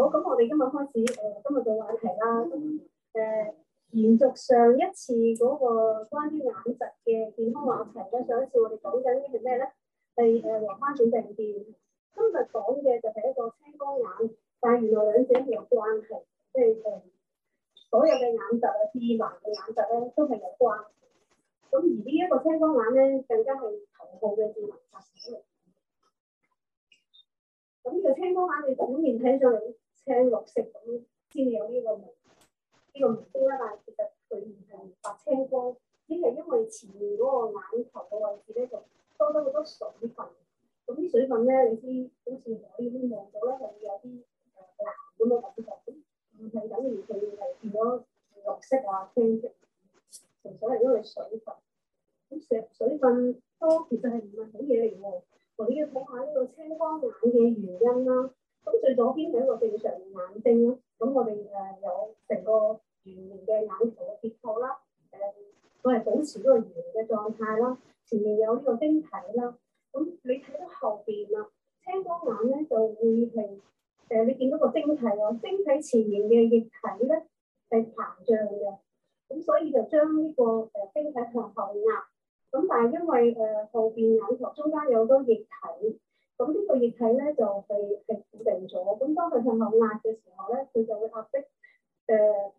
好，咁我哋今日開始誒、呃，今日嘅話題啦。咁、呃、誒，延續上一次嗰個關於眼疾嘅健康話題嘅上一次我講呢，我哋講緊啲係咩咧？係、呃、誒黃斑點病變。今日講嘅就係一個青光眼，但係原來兩者係有關係，即係誒、呃、所有嘅眼疾啊，視盲嘅眼疾咧，都係有關係。咁而呢一個青光眼咧，更加係頭號嘅視盲疾病嚟。咁呢個青光眼，你表面睇上嚟。青綠色咁先有呢個味，呢、呢個味多啦。但其實佢唔係白青光，只係因為前面嗰個眼球嘅位置咧，就多咗好多水分。咁啲水分咧，你知好似我已經望到咧，係有啲誒藍咁嘅感覺。唔係等於佢係變咗綠色或、啊、青色，純粹係因為水分。咁水水分多其實係唔係好嘢嚟嘅。我要講下呢個青光眼嘅原因啦、啊。咁最左邊係一個正常眼睛咯，咁我哋誒有成個圓形嘅眼球嘅結構啦。誒，我係保持嗰個圓形嘅狀態啦。前面有呢個晶體啦。咁你睇到後邊啦，青光眼咧就會係誒，你見到個晶體喎，晶體前面嘅液體咧係膨脹嘅。咁所以就將呢個誒晶體向後壓。咁但係因為誒後邊眼球中間有個液體，咁呢個液體咧就係係咗，咁當佢向後壓嘅時候咧，佢就會壓迫誒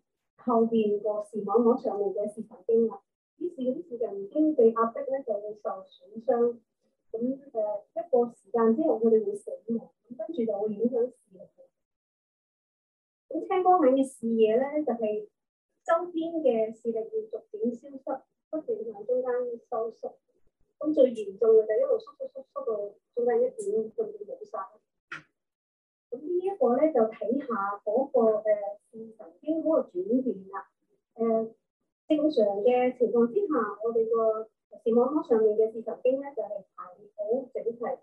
後邊個視網膜上面嘅視神經啦。於是嗰啲視神經被壓迫咧就會受損傷，咁誒一個時間之後佢哋會死亡，咁跟住就會影響視力。咁青光眼嘅視野咧就係周邊嘅視力會逐漸消失，不斷向中間收縮，咁最嚴重嘅就一路縮縮縮縮到最底一點，甚至冇晒。咁呢一個咧就睇下嗰個誒視神經嗰個轉變啦。誒、呃、正常嘅情況之下，我哋個視網膜上面嘅視神經咧就係排好整齊，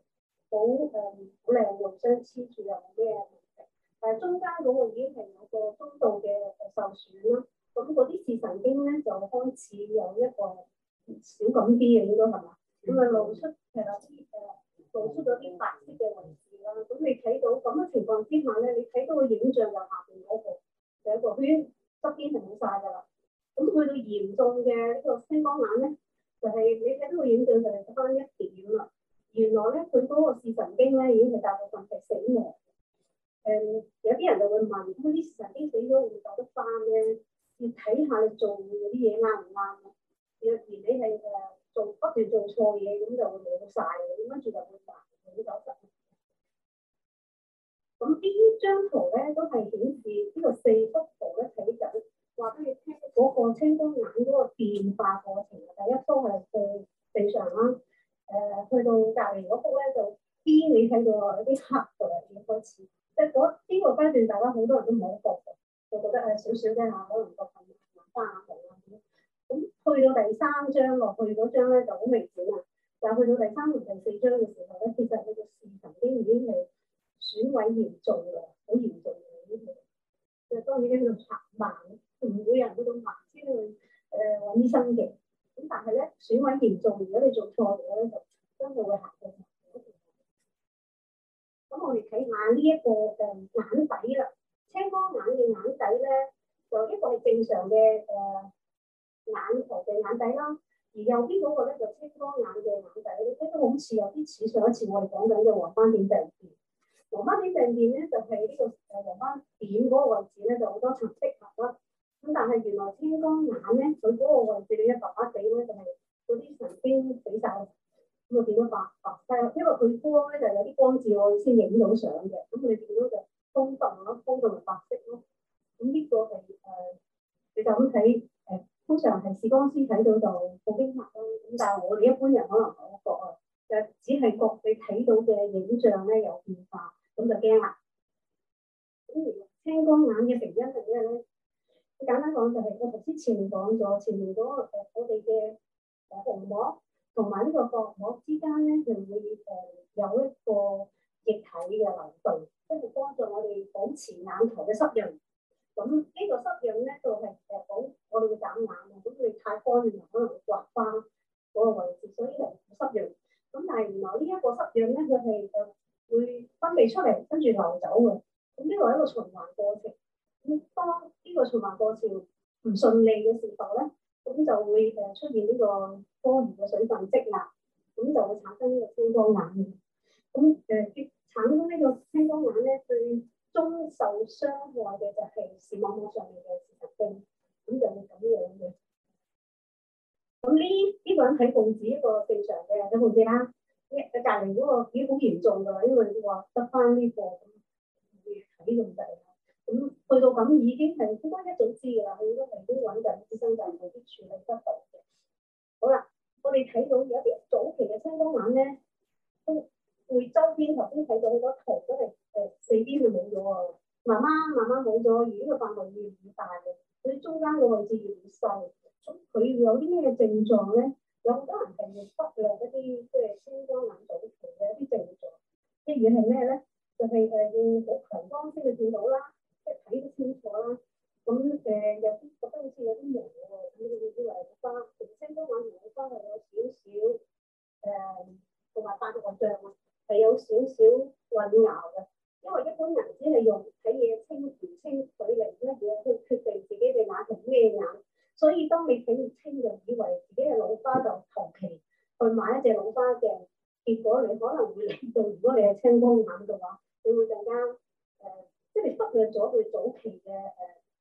好誒好靚，互相黐住有啲咩問題。誒、呃、中間嗰個已經係有個中度嘅受損啦。咁嗰啲視神經咧就開始有一個少噉啲嘅應該，係嘛？會露出係咪啲誒露出咗啲白色嘅紋？咁、嗯、你睇到咁嘅情況之下咧，你睇到個影像就下邊嗰個第一個圈側邊係冇晒㗎啦。咁、嗯、去到嚴重嘅呢、這個青光眼咧，就係、是、你睇到個影像就係得翻一點啦。原來咧佢嗰個視神經咧已經係大部分係死亡。誒、嗯，有啲人就會問，嗰啲神經死咗會救得翻咩？要睇下你做嗰啲嘢啱唔啱咯。如果而你係誒做不斷做錯嘢，咁就會冇晒。曬，跟住就會。咁呢張圖咧都係顯示呢個四幅圖咧，睇緊話俾你聽嗰個青光眼嗰個變化過程啊，第一幅係地地上啦，誒、呃、去到隔離嗰幅咧，就俾你睇到有啲黑嘅嘢開始，即係嗰呢個階段大家好多人都唔好覺嘅，就覺得誒少少啫下，可能個瞓眼生眼病啊咁。咁去到第三張落去嗰張咧，就好明顯啦，但係去到第三張第四張嘅時候咧，其實呢個視神經已經未。損毀嚴重啊！好嚴重啊！呢度就當然咧喺度盲，唔會有人嗰種盲先去誒揾醫生嘅。咁但係咧損毀嚴重，如果你做錯咗咧，就真係會行到盲。咁我哋睇下呢一個誒、呃眼,呃、眼底啦，青光眼嘅眼底咧，就一個係正常嘅誒眼球嘅眼底啦，而右邊嗰個咧就青光眼嘅眼底，你睇都好似有啲似上一次我哋講緊嘅黃斑點症。黃斑呢上邊咧，就係、是、呢個誒黃斑點嗰個位置咧，就好多層色合啦。咁但係原來青光眼咧，佢嗰個位置你一白白地咧，就係嗰啲神經死晒。咁就變咗白白。係，因為佢光咧就是、有啲光照先影到相嘅。咁、嗯、你見到高高就風雲咯，風就白色咯。咁、嗯、呢、這個係誒、呃，你就咁睇誒，通常係視光師睇到就好驚訝啦。咁但係我哋一般人可能冇覺啊，就只係覺你睇到嘅影像咧有變化。咁就驚啦。咁而青光眼嘅成因係咩咧？最簡單講就係我頭先前面講咗，前面嗰個我哋嘅誒虹膜同埋呢個角膜之間咧，就會誒有一個液體嘅流動，即係幫助我哋保持眼球嘅濕潤。咁呢、就是就是、個濕潤咧就係誒保我哋嘅眨眼啊。咁你太乾啦，可能會刮花嗰個位置，所以嚟講濕潤。咁但係原某原來呢一個濕潤咧，就係就。會分泌出嚟，跟住流走嘅。咁呢個係一個循環過程。咁當呢個循環過程唔順利嘅時候咧，咁就會誒出現呢個多餘嘅水分積壓，咁就會產生呢、呃、個青光眼嘅。咁誒，產生呢個青光眼咧，最終受傷害嘅就係視網膜上面嘅視神經，咁就會咁樣嘅。咁呢呢個人喺報紙一個正常嘅，人，你冇知啦。隔離嗰個已經好嚴重噶啦，因為你話得翻呢個咁，要睇咁滯啦。咁、嗯、去到咁已經係應該一早知噶啦，佢應該係已經揾緊醫生就行啲處理得到嘅。好啦，我哋睇到有一啲早期嘅青光眼咧，都會周邊頭先睇到，好多圖都係誒四邊係冇咗喎，慢慢慢慢冇咗，而呢個範圍越嚟越大嘅，佢中間嘅位置越嚟細。咁佢有啲咩症狀咧？有好多人係要忽略一啲即係青光眼早期嘅一啲症狀，啲嘢係咩咧？就係誒要好強光先會見到啦，即係睇得清楚啦。咁誒有啲覺得好似有啲朦嘅，咁佢以為係花，其實青光眼同佢花係有少少誒同埋白內障啊，係、嗯、有，有少少混淆嘅。因為一般人只係用睇嘢清唔清睇人呢啲嘢去決定自己係眼定咩眼。所以當你睇唔清就以為自己嘅老花就求其去買一隻老花鏡，結果你可能會令到如果你係青光眼嘅話，你會更加誒、呃，即你忽略咗佢早期嘅誒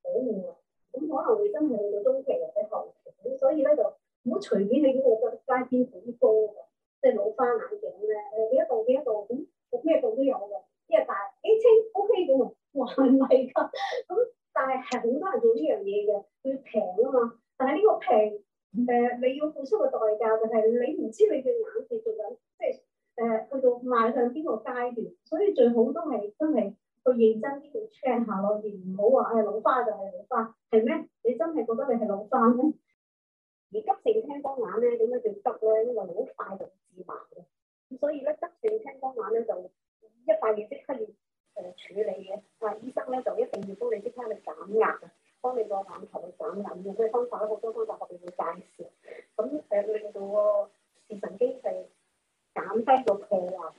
保護啊。咁、呃嗯、可能會真係去到中期或者後期。咁所以咧就唔好隨便喺嗰個街邊好多嘅，即係老花眼鏡咧誒，你一度嘅一度，咁，咩、嗯、度都有嘅，因為大啲清 O K 嘅喎，還係㗎咁。哇但係係好多人做呢樣嘢嘅，佢平啊嘛。但係呢個平，誒、呃、你要付出嘅代價就係你唔知你隻眼係做緊，即係誒去到邁向邊個階段。所以最好都係都係去認真啲去 check 下落而唔好話誒老花就係老花，係咩？你真係覺得你係老花咩？而急性青光眼咧，點解叫急咧？因為好快就自視盲嘅。咁所以咧，急性青光眼咧就一發現即刻要。百誒處理嘅，但係醫生咧就一定要幫你即刻去減壓啊，幫你個眼球去減壓，用咩方法？好多方法我哋會介紹，咁、嗯、誒、嗯、令到個視神經係減低個破壞。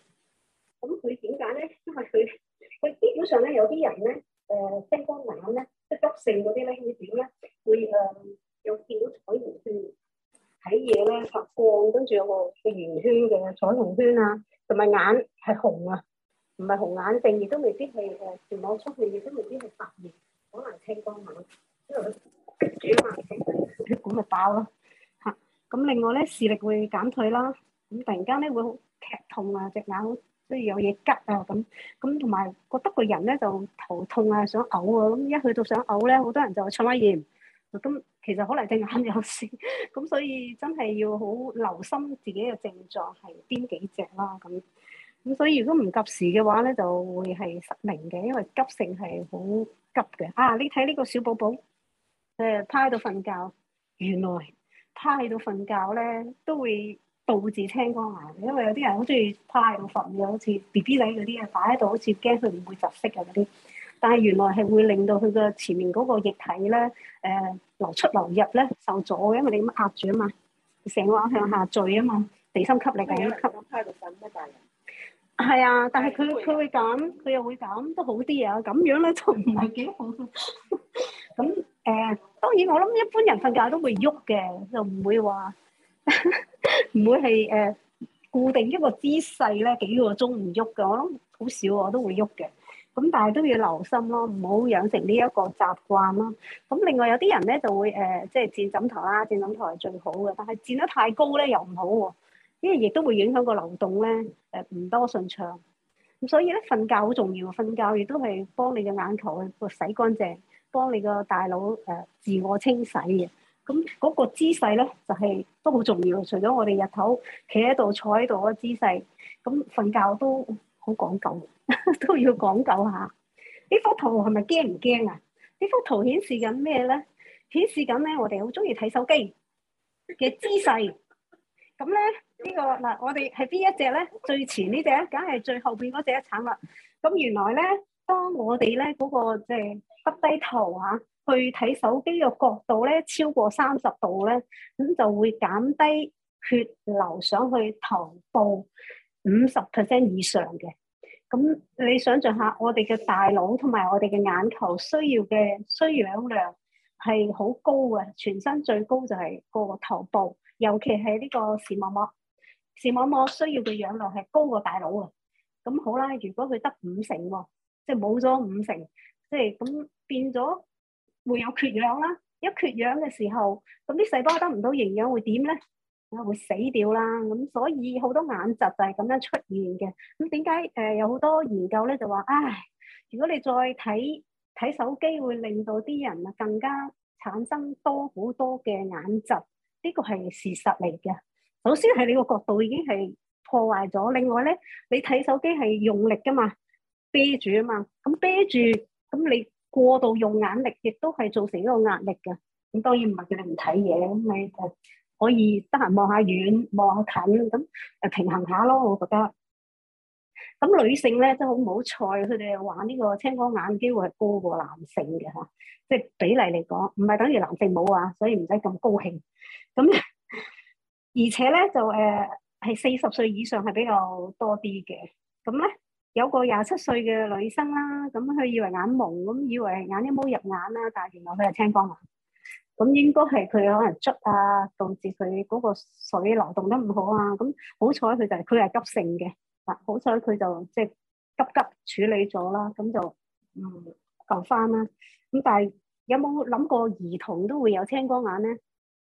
咁佢點解咧？因為佢佢基本上咧有啲人咧誒，呃、青光眼咧即係急性嗰啲咧，佢點咧會誒有見到彩虹圈睇嘢咧發光，跟住有個個圓圈嘅彩虹圈啊，同埋眼係紅啊。唔係紅眼症，亦都未必係誒，傳、呃、往出去，亦都未必係發炎，可能青光眼，因為佢焗住啊嘛。咁咪爆咯，嚇！咁另外咧，視力會減退啦，咁、嗯、突然間咧會好劇痛啊，隻眼好、啊，即係有嘢吉啊咁，咁同埋覺得個人咧就頭痛啊，想嘔啊，咁一去到想嘔咧，好多人就錯乜炎，咁其實可能隻眼有事，咁、 嗯、所以真係要好留心自己嘅症狀係邊幾隻啦、啊、咁。啊啊啊啊啊咁所以如果唔及時嘅話咧，就會係失明嘅，因為急性係好急嘅。啊，你睇呢個小寶寶，誒、呃、趴喺度瞓覺，原來趴喺度瞓覺咧都會導致青光眼嘅，因為有啲人好中意趴喺度瞓嘅，好似 B B 仔嗰啲啊，擺喺度好似驚佢唔會窒息啊嗰啲。但係原來係會令到佢嘅前面嗰個液體咧，誒、呃、流出流入咧受阻，因為你咁壓住啊嘛，成個人向下墜啊嘛，地心吸力咁吸。趴喺度瞓咩大係啊，但係佢佢會減，佢又會減，都好啲啊！咁樣咧就唔係幾好嘅。咁 誒、呃，當然我諗一般人瞓覺都會喐嘅，就唔會話唔 會係誒、呃、固定一個姿勢咧幾個鐘唔喐嘅。我諗好少、啊、我都會喐嘅。咁但係都要留心咯、啊，唔好養成呢一個習慣咯、啊。咁另外有啲人咧就會誒、呃，即係墊枕頭啦、啊，墊枕頭係最好嘅，但係墊得太高咧又唔好喎、啊。因為亦都會影響個流動咧，誒，唔多順暢。咁所以咧，瞓覺好重要。瞓覺亦都係幫你嘅眼球去個洗乾淨，幫你個大腦誒、呃、自我清洗嘅。咁、嗯、嗰、那個姿勢咧，就係、是、都好重要。除咗我哋日頭企喺度、坐喺度嘅姿勢，咁、嗯、瞓覺都好講究， 都要講究下。呢幅圖係咪驚唔驚啊？呢幅圖顯示緊咩咧？顯示緊咧，我哋好中意睇手機嘅姿勢。咁咧？呢、這個嗱，我哋係邊一隻咧？最前呢隻，梗係最後邊嗰隻橙啦。咁原來咧，當我哋咧嗰個即係耷低頭吓，去睇手機嘅角度咧超過三十度咧，咁就會減低血流上去頭部五十 percent 以上嘅。咁你想象下，我哋嘅大腦同埋我哋嘅眼球需要嘅需氧量係好高嘅，全身最高就係個頭部，尤其係呢個視網膜。視網膜需要嘅氧量係高過大腦啊，咁好啦。如果佢得五成喎，即係冇咗五成，即係咁變咗會有缺氧啦。一缺氧嘅時候，咁啲細胞得唔到營養會點咧？啊，會死掉啦。咁所以好多眼疾就係咁樣出現嘅。咁點解誒有好多研究咧就話，唉，如果你再睇睇手機，會令到啲人啊更加產生多好多嘅眼疾，呢個係事實嚟嘅。首先係你個角度已經係破壞咗，另外咧，你睇手機係用力噶嘛，啤住啊嘛，咁啤住，咁你過度用眼力亦都係造成一個壓力噶。咁當然唔係叫你唔睇嘢，咁你就可以得閒望下遠，望下近，咁誒平衡下咯。我覺得，咁女性咧真係好唔好彩，佢哋玩呢個青光眼機會係高過男性嘅吓，即係比例嚟講，唔係等於男性冇啊，所以唔使咁高興。咁。而且咧就誒係四十歲以上係比較多啲嘅，咁咧有個廿七歲嘅女生啦，咁佢以為眼矇咁，以為眼啲毛入眼啦，但係原來佢係青光眼，咁應該係佢可能捽啊，導致佢嗰個水流動得唔好啊，咁好彩佢就佢、係、係急性嘅，嗱好彩佢就即係急急處理咗啦，咁就嗯救翻啦。咁但係有冇諗過兒童都會有青光眼咧？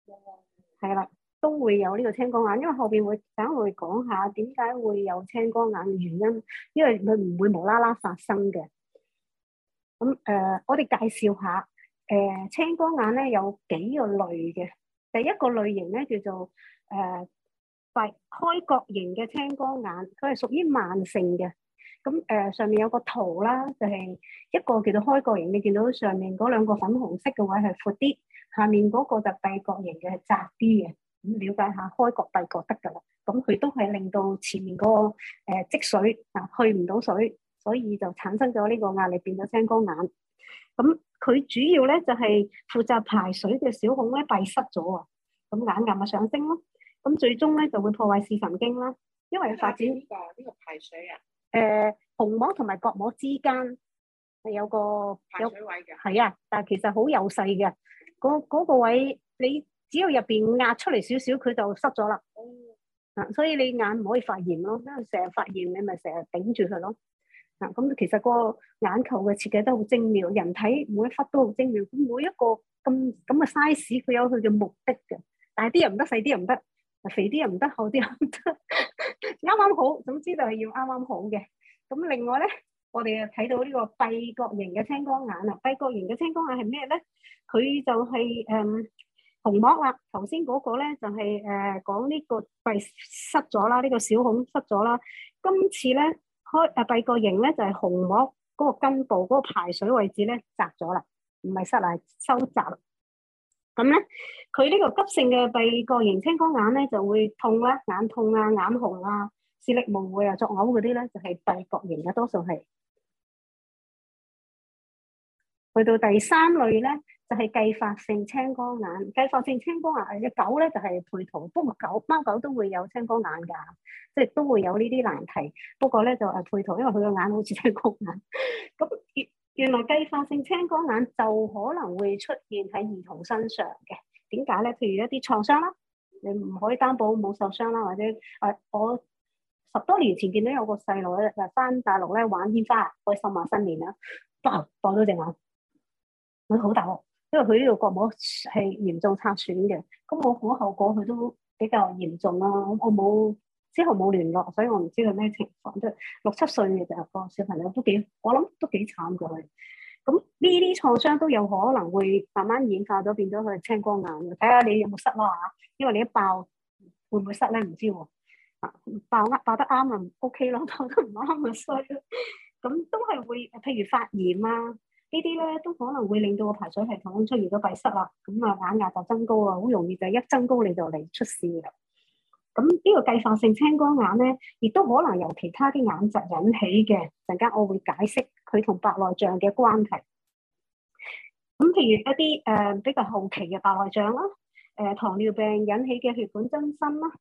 有、嗯，係啦。都會有呢個青光眼，因為後邊會等會講下點解會有青光眼嘅原因。因為佢唔會無啦啦發生嘅。咁誒、呃，我哋介紹下誒、呃、青光眼咧有幾個類嘅。第一個類型咧叫做誒閉、呃、開角型嘅青光眼，佢係屬於慢性嘅。咁誒、呃、上面有個圖啦，就係、是、一個叫做開角型。你見到上面嗰兩個粉紅色嘅位係闊啲，下面嗰個就閉角型嘅係窄啲嘅。咁了解下開角閉角得噶啦，咁佢都係令到前面嗰、那個誒積、呃、水嗱去唔到水，所以就產生咗呢個壓力，變咗青光眼。咁、嗯、佢主要咧就係、是、負責排水嘅小孔咧閉塞咗啊，咁眼壓咪上升咯。咁、嗯、最終咧就會破壞視神經啦，因為發展呢、這個呢、這個排水啊，誒、呃，虹膜同埋角膜之間係有個排水位嘅，係啊，但係其實好幼細嘅，嗰嗰、那個位你。只要入邊壓出嚟少少，佢就濕咗啦。嗱、嗯啊，所以你眼唔可以發炎咯，因為成日發炎，你咪成日頂住佢咯。嗱、啊，咁、嗯、其實個眼球嘅設計都好精妙，人體每一忽都好精妙。咁每一個咁咁嘅 size，佢有佢嘅目的嘅。但係大啲又唔得，細啲又唔得，肥啲又唔得，厚啲又唔得，啱 啱好。總之就係要啱啱好嘅。咁另外咧，我哋又睇到呢個閉角型嘅青光眼啊，閉角型嘅青光眼係咩咧？佢就係、是、誒。嗯紅膜啦，頭先嗰個咧就係誒講呢個閉塞咗啦，呢、這個小孔塞咗啦。今次咧開誒閉角型咧就係、是、紅膜嗰個根部嗰、那個排水位置咧窄咗啦，唔係塞啊，係收窄。咁咧，佢呢個急性嘅閉角型青光眼咧就會痛啦，眼痛啊，眼紅啊，視力模糊啊，作嘔嗰啲咧就係閉角型嘅，多數係。去到第三類咧。就係繼發性青光眼，繼發性青光眼嘅狗咧就係、是、配圖，不過狗貓狗都會有青光眼㗎，即係都會有呢啲難題。不過咧就誒、是、配圖，因為佢個眼好似青光眼。咁 原來繼發性青光眼就可能會出現喺兒童身上嘅，點解咧？譬如一啲創傷啦，你唔可以擔保冇受傷啦，或者誒、哎、我十多年前見到有個細路咧，翻大陸咧玩煙花，開心啊新年啦，爆破咗隻眼，隻好大鑊～因為佢呢個角膜係嚴重擦損嘅，咁冇好後果，佢都比較嚴重啦、啊。我冇之後冇聯絡，所以我唔知佢咩情況。即係六七歲嘅就個小朋友都幾，我諗都幾慘嘅去咁呢啲創傷都有可能會慢慢演化咗變咗佢青光眼，睇下你有冇塞啦嚇，因為你一爆會唔會塞咧、啊？唔知喎、啊，爆啱爆得啱啊，OK 咯，得唔啱咪衰咯。咁都係會譬如發炎啊。呢啲咧都可能會令到個排水系統出現咗閉塞啊，咁啊眼壓就增高啊，好容易就一增高你就嚟出事嘅。咁呢個繼發性青光眼咧，亦都可能由其他啲眼疾引起嘅。陣間我會解釋佢同白內障嘅關係。咁譬如一啲誒、呃、比較後期嘅白內障啦，誒、呃、糖尿病引起嘅血管增生啦，誒、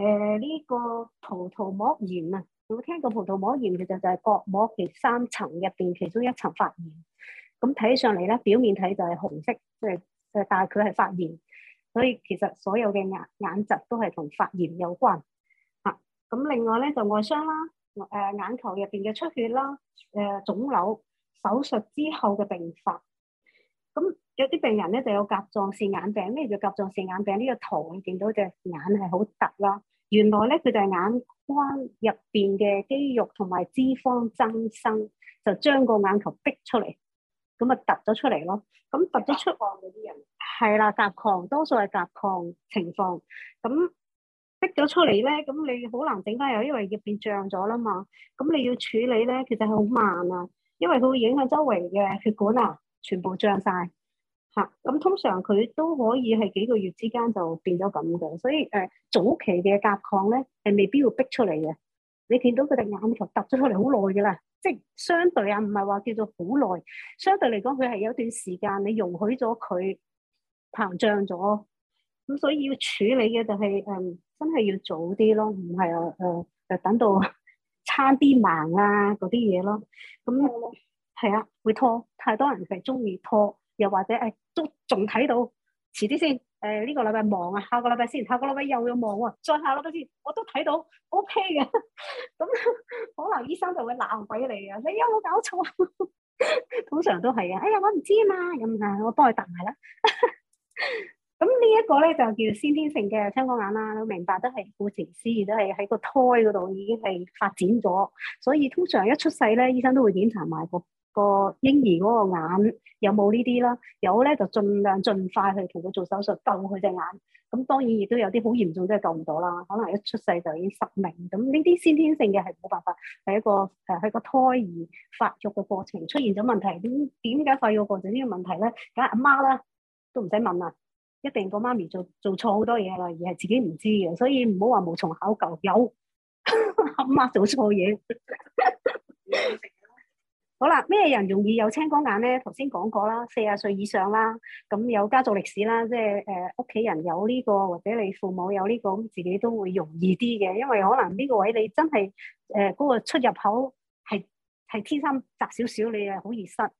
呃、呢、這個葡萄膜炎啊。有冇聽過葡萄膜炎，其實就係角膜其三層入邊其中一層發炎。咁睇起上嚟咧，表面睇就係紅色，即係即係代表佢係發炎。所以其實所有嘅眼眼疾都係同發炎有關。嚇、啊！咁另外咧就外傷啦，誒、呃、眼球入邊嘅出血啦，誒、呃、腫瘤、手術之後嘅併發。咁有啲病人咧就有甲狀腺眼病，咩叫甲狀腺眼病呢、這個圖，你見到隻眼係好突咯。原來咧，佢就係眼眶入邊嘅肌肉同埋脂肪增生，就將個眼球逼出嚟，咁啊突咗出嚟咯。咁突咗出岸嗰啲人，係啦，甲 亢多數係甲亢情況。咁逼咗出嚟咧，咁你好難整翻又因為入邊漲咗啦嘛。咁你要處理咧，其實係好慢啊，因為佢會影響周圍嘅血管啊，全部漲晒。吓，咁、嗯、通常佢都可以係幾個月之間就變咗咁嘅，所以誒、呃、早期嘅甲亢咧係未必要逼出嚟嘅。你見到佢隻眼球凸咗出嚟好耐噶啦，即係相對啊，唔係話叫做好耐。相對嚟講，佢係有一段時間你容許咗佢膨脹咗，咁所以要處理嘅就係、是、誒、嗯，真係要早啲咯，唔係啊誒、呃，就等到差啲盲啊嗰啲嘢咯。咁、嗯、係啊，會拖，太多人就係中意拖。又或者誒，都仲睇到，遲啲先。誒呢個禮拜忙啊，下個禮拜先，下個禮拜又要忙啊，再下個禮拜，先，我都睇到 OK 嘅。咁可能醫生就會鬧鬼你啊！你有冇搞錯？通常都係啊。哎呀，我唔知啊嘛。咁啊，我幫你答埋啦。咁呢一個咧就叫先天性嘅青光眼啦。你明白，都係顧名思義都係喺個胎嗰度已經係發展咗，所以通常一出世咧，醫生都會檢查埋個，個嬰兒嗰個眼有冇呢啲啦？有咧就盡量盡快去同佢做手術救佢隻眼。咁當然亦都有啲好嚴重即係、就是、救唔到啦。可能一出世就已經失明。咁呢啲先天性嘅係冇辦法，係一個誒，係個胎兒發育嘅過程出現咗問題。點點解發育過程呢個問題咧？梗係阿媽啦，都唔使問啦，一定個媽咪做做，做錯好多嘢啦，而係自己唔知嘅。所以唔好話無從考究，有阿 媽，媽做錯嘢。 好啦，咩人容易有青光眼咧？頭先講過啦，四十歲以上啦，咁有家族歷史啦，即係誒屋企人有呢個，或者你父母有呢個，咁自己都會容易啲嘅。因為可能呢個位你真係誒嗰個出入口係係天生窄少少，你啊好易失嚇。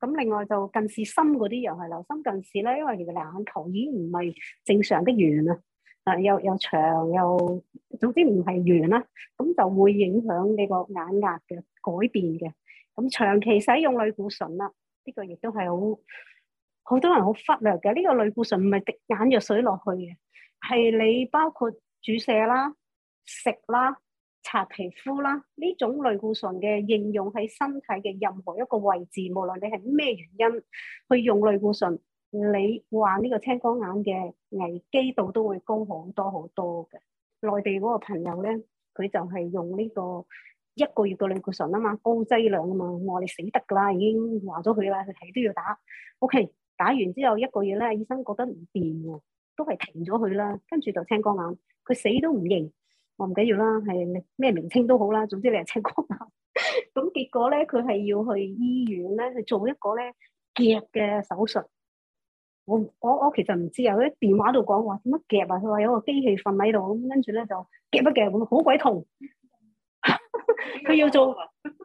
咁、啊、另外就近視深嗰啲人係流心近視咧，因為其實眼球已經唔係正常的圓啊，啊又又長又總之唔係圓啦，咁就會影響你個眼壓嘅改變嘅。咁長期使用類固醇啦，呢個亦都係好好多人好忽略嘅。呢個類固醇唔係滴眼藥水落去嘅，係你包括注射啦、食啦、搽皮膚啦，呢種類固醇嘅應用喺身體嘅任何一個位置，無論你係咩原因去用類固醇，你話呢個青光眼嘅危機度都會高好多好多嘅。內地嗰個朋友咧，佢就係用呢個。一個月個兩個旬啊嘛，高劑量啊嘛，我哋死得噶啦，已經話咗佢啦，佢睇都要打。O、okay, K，打完之後一個月咧，醫生覺得唔掂嘅，都係停咗佢啦。跟住就青光眼，佢死都唔認。我唔緊要啦，係咩名稱都好啦，總之你係青光眼。咁、 嗯、結果咧，佢係要去醫院咧，去做一個咧夾嘅手術。我我我其實唔知啊，佢喺電話度講話點樣夾啊？佢話有個機器瞓喺度，跟住咧就夾一夾，好鬼痛。佢要做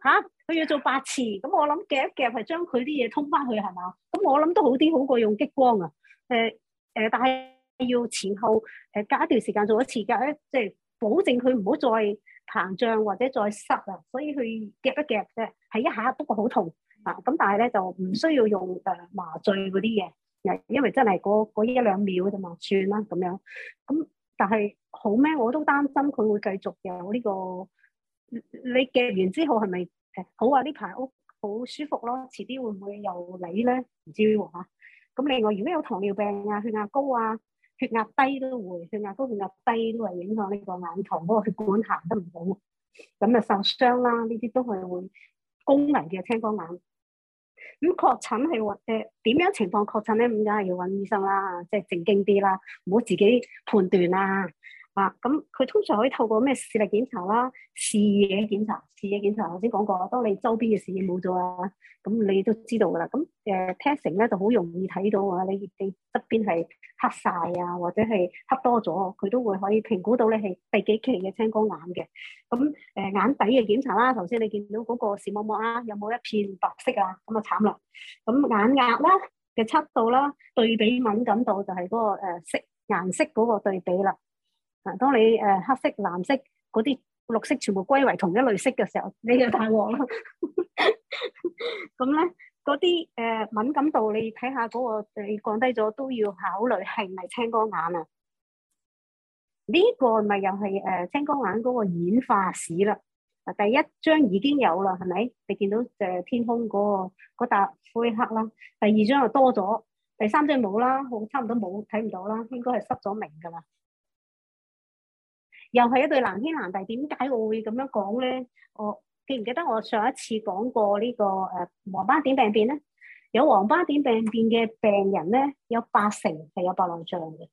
吓，佢、啊、要做八次，咁我諗夾一夾係將佢啲嘢通翻去係嘛？咁我諗都好啲，好過用激光啊。誒、呃、誒、呃，但係要前後誒、呃、隔一段時間做一次㗎、呃，即係保證佢唔好再膨脹或者再塞啊。所以佢夾一夾啫，係一下不過好痛啊。咁但係咧就唔需要用誒麻醉嗰啲嘢，因為真係嗰嗰一兩秒啫嘛，算啦咁樣。咁但係好咩？我都擔心佢會繼續我呢、呢個。你夾完之後係咪誒好啊？呢排屋好舒服咯，遲啲會唔會又嚟咧？唔知喎咁、啊、另外，如果有糖尿病啊、血壓高啊、血壓低都會，血壓高、血壓低都係影響呢個眼球嗰個血管行得唔好啊，咁啊受傷啦。呢啲都係會功能嘅青光眼。咁確診係揾誒點樣情況確診咧？咁梗係要揾醫生啦，即、就、係、是、正經啲啦，唔好自己判斷啊。啊，咁佢通常可以透過咩視力檢查啦、視野檢查、視野檢查，頭先講過，當你周邊嘅視野冇咗啊，咁你都知道噶啦。咁誒 testing 咧就好容易睇到啊，你你側邊係黑晒啊，或者係黑多咗，佢都會可以評估到你係第幾期嘅青光眼嘅。咁誒、呃、眼底嘅檢查啦，頭先你見到嗰個視網膜啊，有冇一片白色啊？咁啊慘啦。咁眼壓啦嘅測度啦，對比敏感度就係嗰個色顏色嗰個對比啦。嗱，當你誒黑色、藍色嗰啲綠色全部歸為同一類色嘅時候，你就大鑊啦。咁 咧，嗰啲誒敏感度，你睇下嗰、嗰個你降低咗，都要考慮係咪青光眼啊？呢、呢個咪又係誒青光眼嗰個演化史啦。啊，第一張已經有啦，係咪？你見到誒天空嗰、嗰個嗰笪灰黑啦？第二張又多咗，第三張冇啦，好差唔多冇，睇唔到啦，應該係失咗明噶啦。又係一對難兄難弟，點解我會咁樣講咧？我記唔記得我上一次講過呢、這個誒、呃、黃斑點病變咧？有黃斑點病變嘅病人咧，有八成係有白內障嘅，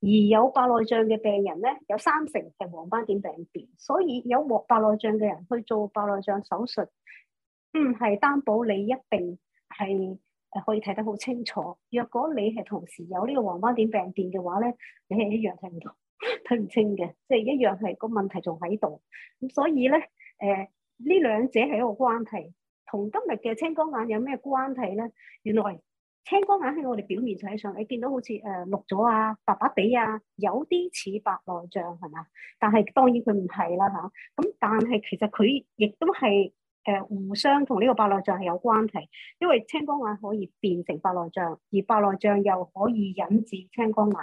而有白內障嘅病人咧，有三成係黃斑點病變。所以有黃白內障嘅人去做白內障手術，唔係擔保你一定係誒可以睇得好清楚。若果你係同時有呢個黃斑點病變嘅話咧，你係一樣睇唔到。睇唔清嘅，即係一樣，係個問題仲喺度。咁所以咧，誒、呃、呢兩者係一個關係，同今日嘅青光眼有咩關係咧？原來青光眼喺我哋表面上睇上，你見到好似誒、呃、綠咗啊，白白地啊，有啲似白內障係嘛？但係當然佢唔係啦吓。咁、啊、但係其實佢亦都係誒、呃、互相同呢個白內障係有關係，因為青光眼可以變成白內障，而白內障又可以引致青光眼。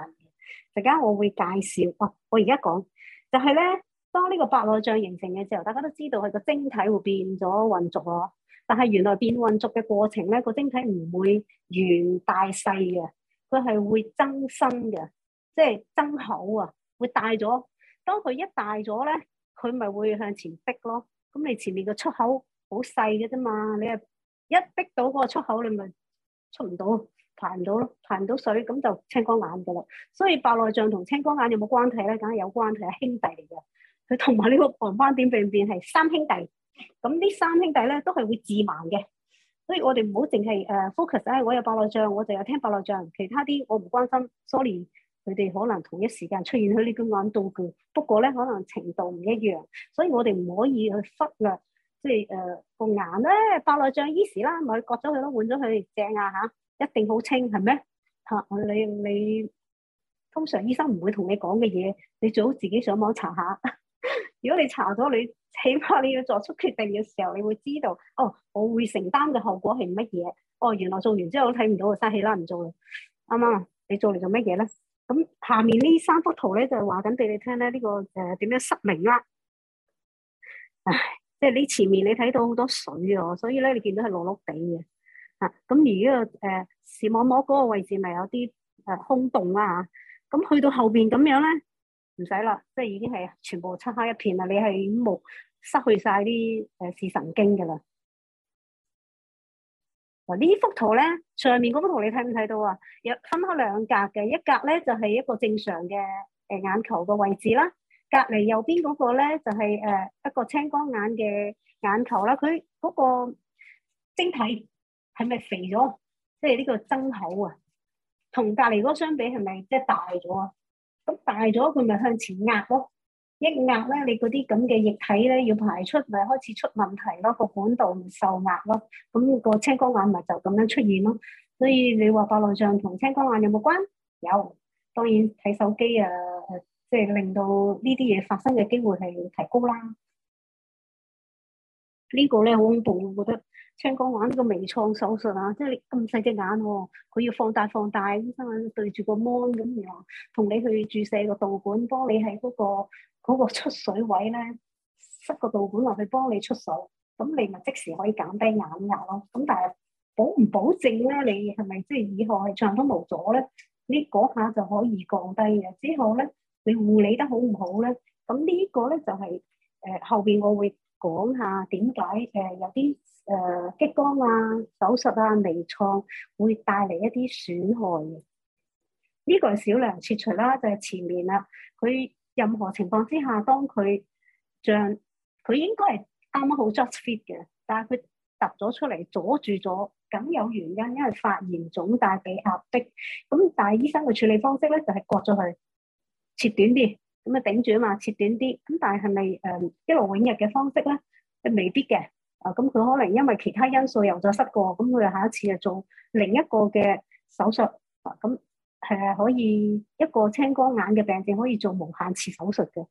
陣間我會介紹，啊、我我而家講就係、是、咧，當呢個白內障形成嘅時候，大家都知道佢個晶體會變咗渾濁咯。但係原來變渾濁嘅過程咧，個晶體唔會原大細嘅，佢係會增生嘅，即係增口啊，會大咗。當佢一大咗咧，佢咪會向前逼咯。咁你前面個出口好細嘅啫嘛，你一逼到個出口，你咪出唔到。排唔到咯，排唔到水咁就青光眼噶啦。所以白內障同青光眼有冇關係咧？梗係有關係，關係兄弟嚟嘅。佢同埋呢個黃斑點病變係三兄弟。咁呢三兄弟咧都係會致盲嘅。所以我哋唔好淨係誒 focus 咧、哎。我有白內障，我就有聽白內障。其他啲我唔關心。sorry，佢哋可能同一時間出現喺呢個眼度嘅，不過咧可能程度唔一樣。所以我哋唔可以去忽略，即係誒個眼咧，白內障 easy 啦，咪割咗佢咯，換咗佢正啊嚇。一定好清係咩？吓、啊、你你通常醫生唔會同你講嘅嘢，你最好自己上網查下。 如果你查咗，你起碼你要作出決定嘅時候，你會知道哦，我會承擔嘅後果係乜嘢？哦，原來做完之後睇唔到我氣，我生氣啦，唔做啦。啱啱？你做嚟做乜嘢咧？咁下面呢三幅圖咧，就話緊俾你聽、這、咧、個，呢個誒點樣失明啦？唉，即、就、係、是、你前面你睇到好多水啊、哦，所以咧你見到係碌碌地嘅。咁、啊、而呢、呢個誒、呃、視網膜嗰個位置咪有啲誒、呃、空洞啦、啊、咁去到後邊咁樣咧，唔使啦，即係已經係全部漆黑一片啦，你係冇失去晒啲誒視神經噶啦。嗱、啊、呢幅圖咧，上面嗰幅圖你睇唔睇到啊？有分開兩格嘅，一格咧就係、是、一個正常嘅誒眼球個位置啦，隔籬右邊嗰個咧就係、是、誒一個青光眼嘅眼球啦，佢嗰個晶體。係咪肥咗？即係呢個增口啊，同隔籬嗰相比，係咪即係大咗啊？咁大咗，佢咪向前壓咯，一壓咧，你嗰啲咁嘅液體咧要排出，咪開始出問題咯，個管道受壓咯，咁個青光眼咪就咁樣出現咯。所以你話白內障同青光眼有冇關？有，當然睇手機啊，即係令到呢啲嘢發生嘅機會係提高啦。呢個咧好恐怖，我覺得。聽講玩呢個微創手術啊，即係咁細隻眼喎、啊，佢要放大放大，醫生對住個 mon 咁樣，同你去注射個導管幫你喺嗰、嗰個嗰個出水位咧塞個導管落去幫你出手，咁你咪即時可以減低眼壓咯。咁但係保唔保證咧？你係咪即係以後係暢通無阻咧？呢嗰下就可以降低嘅，之後咧你護理得好唔好咧？咁呢一個咧就係、是、誒、呃、後邊我會講下點解誒有啲。誒、呃、激光啊、手術啊、微創會帶嚟一啲損害嘅。呢、這個係小量切除啦，就係、是、前面啦。佢任何情況之下，當佢像佢應該係啱啱好 just fit 嘅，但係佢突咗出嚟，阻住咗，梗有原因，因為發炎腫大俾壓迫。咁但係醫生嘅處理方式咧，就係、是、割咗佢，切短啲。咁啊頂住啊嘛，切短啲。咁但係係咪誒一勞永逸嘅方式咧？未必嘅。啊，咁佢可能因為其他因素又再失過，咁佢下一次就做另一個嘅手術，咁、啊、係、啊、可以一個青光眼嘅病症可以做無限次手術嘅、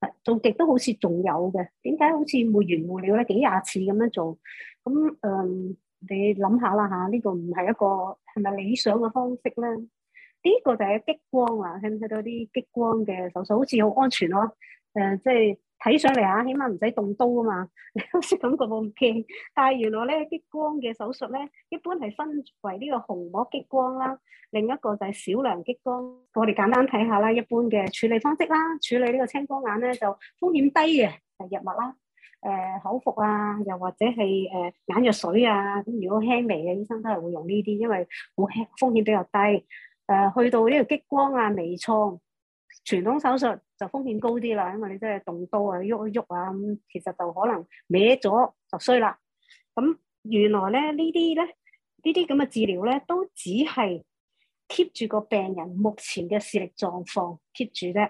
啊，做極都好似仲有嘅，點解好似沒完沒了咧？幾廿次咁樣做，咁誒、呃，你諗下啦嚇，呢、啊呢個唔係一個係咪理想嘅方式咧？呢、呢個就係激光啊，睇唔睇到啲激光嘅手術？好似好安全咯、啊，誒、啊，即、就、係、是。睇上嚟嚇，起碼唔使動刀啊嘛，你有冇咁感覺？但係原來咧，激光嘅手術咧，一般係分為呢個虹膜激光啦，另一個就係小樑激光。我哋簡單睇下啦，一般嘅處理方式啦，處理呢個青光眼咧就風險低嘅，係藥物啦，誒、呃、口服啊，又或者係誒、呃、眼藥水啊。咁如果輕微嘅，醫生都係會用呢啲，因為冇輕風險比較低。誒、呃，去到呢個激光啊、微創、傳統手術。就風險高啲啦，因為你真係動刀啊，喐一喐啊，咁其實就可能歪咗就衰啦。咁原來咧，呢啲咧，呢啲咁嘅治療咧，都只係 keep 住個病人目前嘅視力狀況 keep 住啫，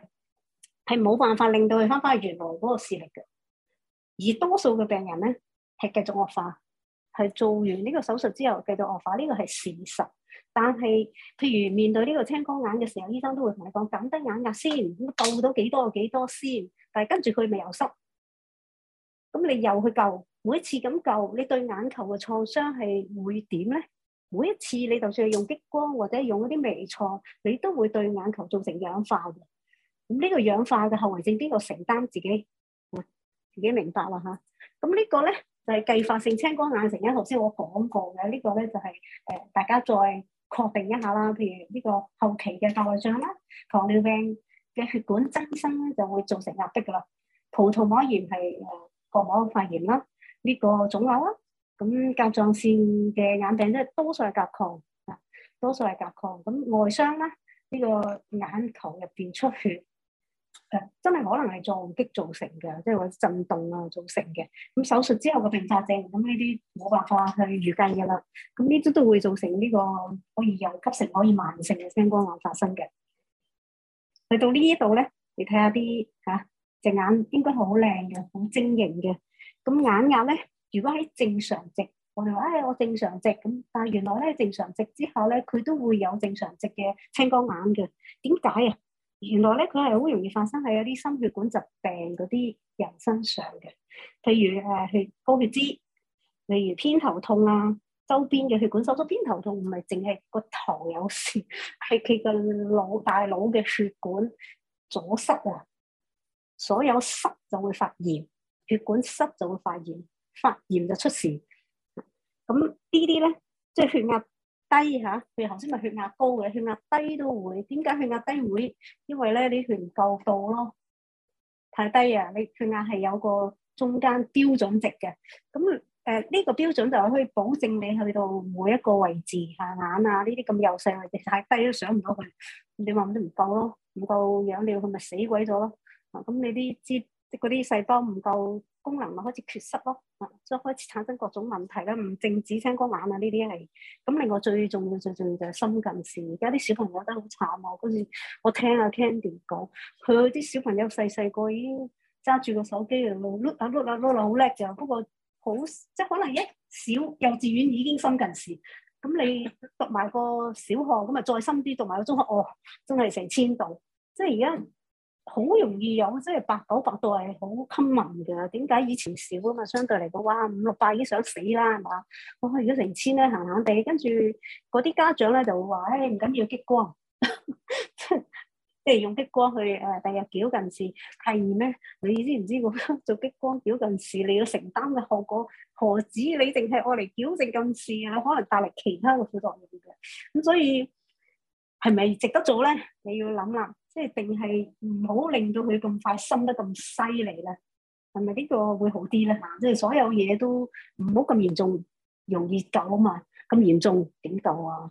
係冇辦法令到佢翻返去原來嗰個視力嘅。而多數嘅病人咧，係繼續惡化，係做完呢個手術之後繼續惡化，呢個係事實。但係，譬如面對呢個青光眼嘅時候，醫生都會同你講減低眼壓先，咁度到幾多幾多先。但係跟住佢未又濕，咁你又去救，每一次咁救，你對眼球嘅創傷係會點咧？每一次你就算係用激光或者用一啲微創，你都會對眼球造成氧化嘅。咁呢個氧化嘅後遺症，邊個承擔自己？自己明白啦吓。咁呢個咧？就係繼發性青光眼成因，頭先我講過嘅呢、這個咧就係、是、誒、呃、大家再確定一下啦。譬如呢個後期嘅白內障啦，糖尿病嘅血管增生咧就會造成壓迫噶啦。葡萄膜炎係誒角膜發炎啦，呢、這個腫瘤啦，咁甲狀腺嘅眼病咧多數係甲亢，多數係甲亢。咁外傷啦，呢、這個眼球入邊出血。真係可能係撞擊造成嘅，即係或者震動啊造成嘅。咁手術之後嘅併發症，咁呢啲冇辦法去預計㗎喇。咁呢啲都會造成呢個可以有急性，可以慢性嘅青光眼發生嘅。嚟到呢一度咧，你睇下啲吓隻眼應該，應該好靚嘅，好晶瑩嘅。咁眼壓咧，如果喺正常值，我哋話誒我正常值咁，但係原來咧正常值之下咧，佢都會有正常值嘅青光眼嘅。點解啊？原來咧，佢係好容易發生喺一啲心血管疾病嗰啲人身上嘅，譬如誒血高血脂，例如偏頭痛啊，周邊嘅血管收咗偏頭痛唔係淨係個頭有事，係佢個腦大腦嘅血管阻塞啊，所有塞就會發炎，血管塞就會發炎，發炎就出事。咁呢啲咧，即係血壓低嚇，譬如頭先咪血壓高嘅，血壓低，都會點解血壓低會，因為咧你血唔夠到咯，太低啊！你血壓係有個中間標準值嘅，咁誒呢個標準就可以保證你去到每一個位置，下眼啊呢啲咁幼細嘅位置，啊、這這太低都上唔到去。你話唔，唔夠咯，唔夠養料佢咪死鬼咗咯。啊咁你啲支即啲細胞唔夠功能咪開始缺失咯。即係開始產生各種問題啦，唔淨止聽歌玩啊呢啲係，咁另外最重要最重要就係深近視，而家啲小朋友都好慘啊，好似我聽阿 Candy 講，佢啲小朋友細細個已經揸住個手機嚟碌啊碌啊碌啊好叻就，不過好即係可能一小幼稚園已經深近視，咁你讀埋個小學咁啊再深啲，讀埋個中學哦，真係成千度，即係而家。好容易有，即係八九百度係好 common 嘅。點解以前少啊嘛？相對嚟講，哇五六百已經想死啦，係嘛？哇、哦，如果成千咧，行行地，跟住嗰啲家長咧就會話，誒、哎、唔緊要激光，即 係用激光去誒、uh, 第日矯近視，係咩？你知唔知？做激光矯近視，你要承擔嘅後果，何止你淨係愛嚟矯正近視啊？可能帶嚟其他嘅副作用嘅。咁所以係咪值得做咧？你要諗啦。即係定係唔好令到佢咁快深得咁犀利啦，係咪呢個會好啲咧？即係所有嘢都唔好咁嚴重，容易救啊嘛。咁嚴重點救啊？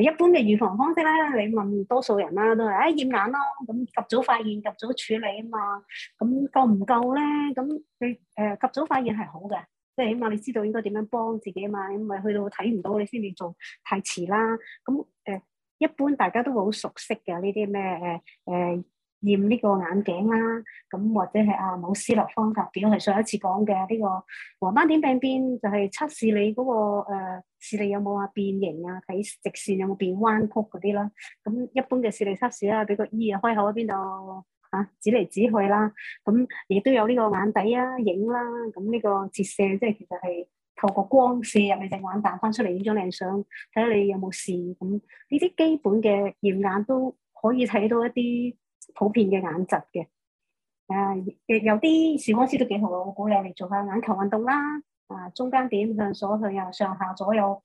一般嘅預防方式咧，你問多數人啦，都係啊，驗眼咯。咁及早發現，及早處理啊嘛。咁夠唔夠咧？咁你誒呃，及早發現係好嘅，即係起碼你知道應該點樣幫自己啊嘛。咁咪去到睇唔到你，你先至做太遲啦。咁誒。呃一般大家都好熟悉嘅呢啲咩誒誒驗呢個眼鏡啦、啊，咁或者係阿姆斯洛方法表係上一次講嘅呢個黃斑點病變就係測試你嗰、那個誒、呃、視力有冇啊變形啊睇直線有冇變彎曲嗰啲啦，咁一般嘅視力測試啊俾個 E、e，啊開口喺邊度吓指嚟指去啦、啊，咁亦都有呢個眼底啊影啦，咁呢、啊、個折射即係其實係。透過光射入你隻眼，彈翻出嚟影張靚相，睇下你有冇事咁。呢啲基本嘅驗眼，眼都可以睇到一啲普遍嘅眼疾嘅。誒亦有啲視光師都幾好啊！好，我鼓勵你做下眼球運動啦。啊，中間點向左去右、上下左右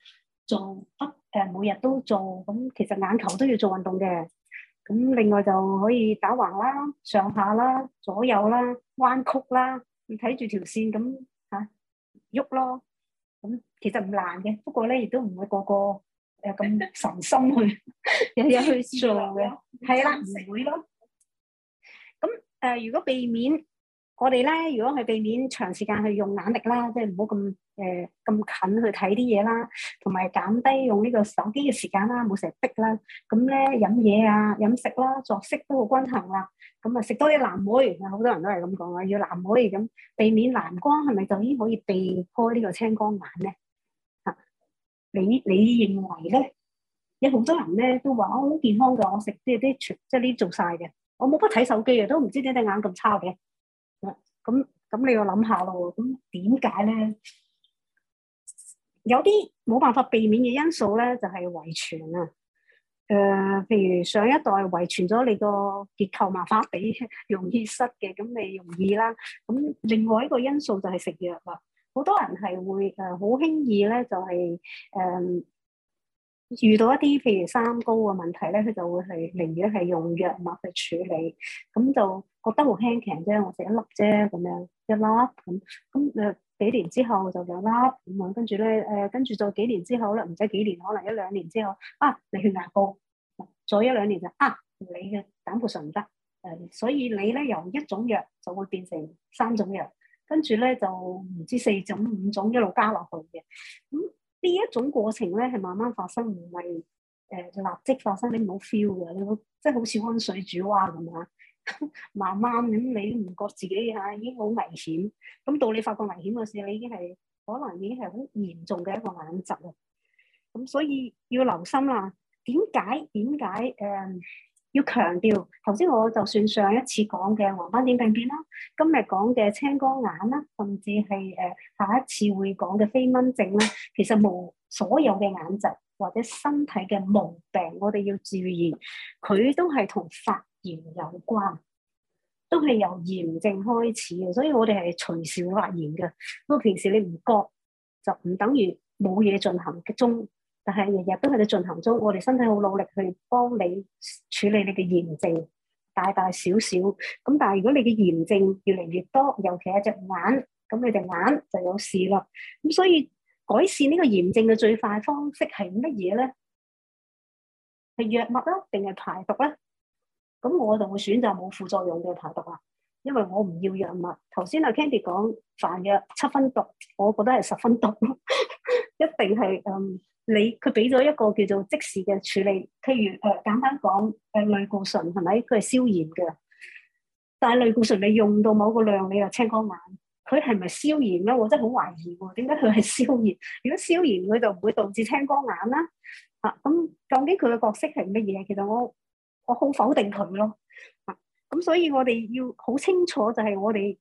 做，誒、啊、每日都做。咁、嗯、其實眼球都要做運動嘅。咁、啊、另外就可以打橫啦、上下啦、左右啦、彎曲啦，你睇住條線咁嚇喐咯。咁其實唔難嘅，不過咧亦都唔會個個誒咁神心去日日 去做嘅，係啦，唔會咯。咁誒、呃，如果避免我哋咧，如果係避免長時間去用眼力啦，即係唔好咁誒咁近去睇啲嘢啦，同埋減低用呢個手機嘅時間啦，冇成日逼啦。咁咧飲嘢啊、飲食啦、啊啊、作息都好均衡啦、啊。咁啊，食多啲藍莓，好多人都係咁講啊，要藍莓咁避免藍光，係咪就已經可以避開呢個青光眼咧？啊，你你認為咧？有好多人咧都話我好健康嘅，我食即啲全即係呢啲做晒嘅，我冇得睇手機啊，都唔知點隻眼咁差嘅。咁咁你要諗下咯，咁點解咧？有啲冇辦法避免嘅因素咧，就係遺傳啊。誒、呃，譬如上一代遺傳咗你個結構麻花比，比容易塞嘅，咁你容易啦。咁另外一個因素就係食藥啦。好多人係會誒好、呃、輕易咧，就係、是、誒、呃、遇到一啲譬如三高嘅問題咧，佢就會係寧願係用藥物去處理，咁就覺得好輕輕啫，我食一粒啫咁樣一粒，咁咁誒幾年之後就兩粒，咁啊跟住咧誒跟住就幾年之後咧，唔使幾年，可能一兩年之後啊，你血壓高。再一兩年就啊，你嘅膽固醇唔得，誒、嗯，所以你咧由一種藥就會變成三種藥，跟住咧就唔知四種、五種一路加落去嘅。咁、嗯、呢一種過程咧係慢慢發生，唔係誒立即發生，你冇 feel 嘅，你、嗯、都即係好似溫水煮蛙咁樣呵呵，慢慢咁你唔覺自己嚇、啊、已經好危險。咁、嗯、到你發覺危險嘅時候，你已經係可能已經係好嚴重嘅一個眼疾啊。咁、嗯、所以要留心啦。點解點解誒要強調？頭先我就算上一次講嘅黃斑點病變啦，今日講嘅青光眼啦，甚至係誒、呃、下一次會講嘅飛蚊症啦，其實冇所有嘅眼疾或者身體嘅毛病，我哋要注意，佢都係同發炎有關，都係由炎症開始嘅，所以我哋係隨時發炎嘅。如果平時你唔覺，就唔等於冇嘢進行嘅中。但係日日都喺度進行中，我哋身體好努力去幫你處理你嘅炎症，大大小小。咁但係如果你嘅炎症越嚟越多，尤其係隻眼，咁你隻眼就有事啦。咁所以改善呢個炎症嘅最快方式係乜嘢咧？係藥物咧，定係排毒咧？咁我就會選擇冇副作用嘅排毒啊，因為我唔要藥物。頭先阿 Candy 講，凡藥七分毒，我覺得係十分毒， 一定係嗯。Um, 你佢俾咗一個叫做即時嘅處理，譬如誒、呃、簡單講誒、呃呃、類固醇係咪？佢係消炎嘅，但係類固醇你用到某個量，你又青光眼，佢係咪消炎咧？我真係好懷疑喎，點解佢係消炎？如果消炎佢就唔會導致青光眼啦。啊，咁究竟佢嘅角色係乜嘢？其實我我好否定佢咯。啊，咁所以我哋要好清楚就係我哋。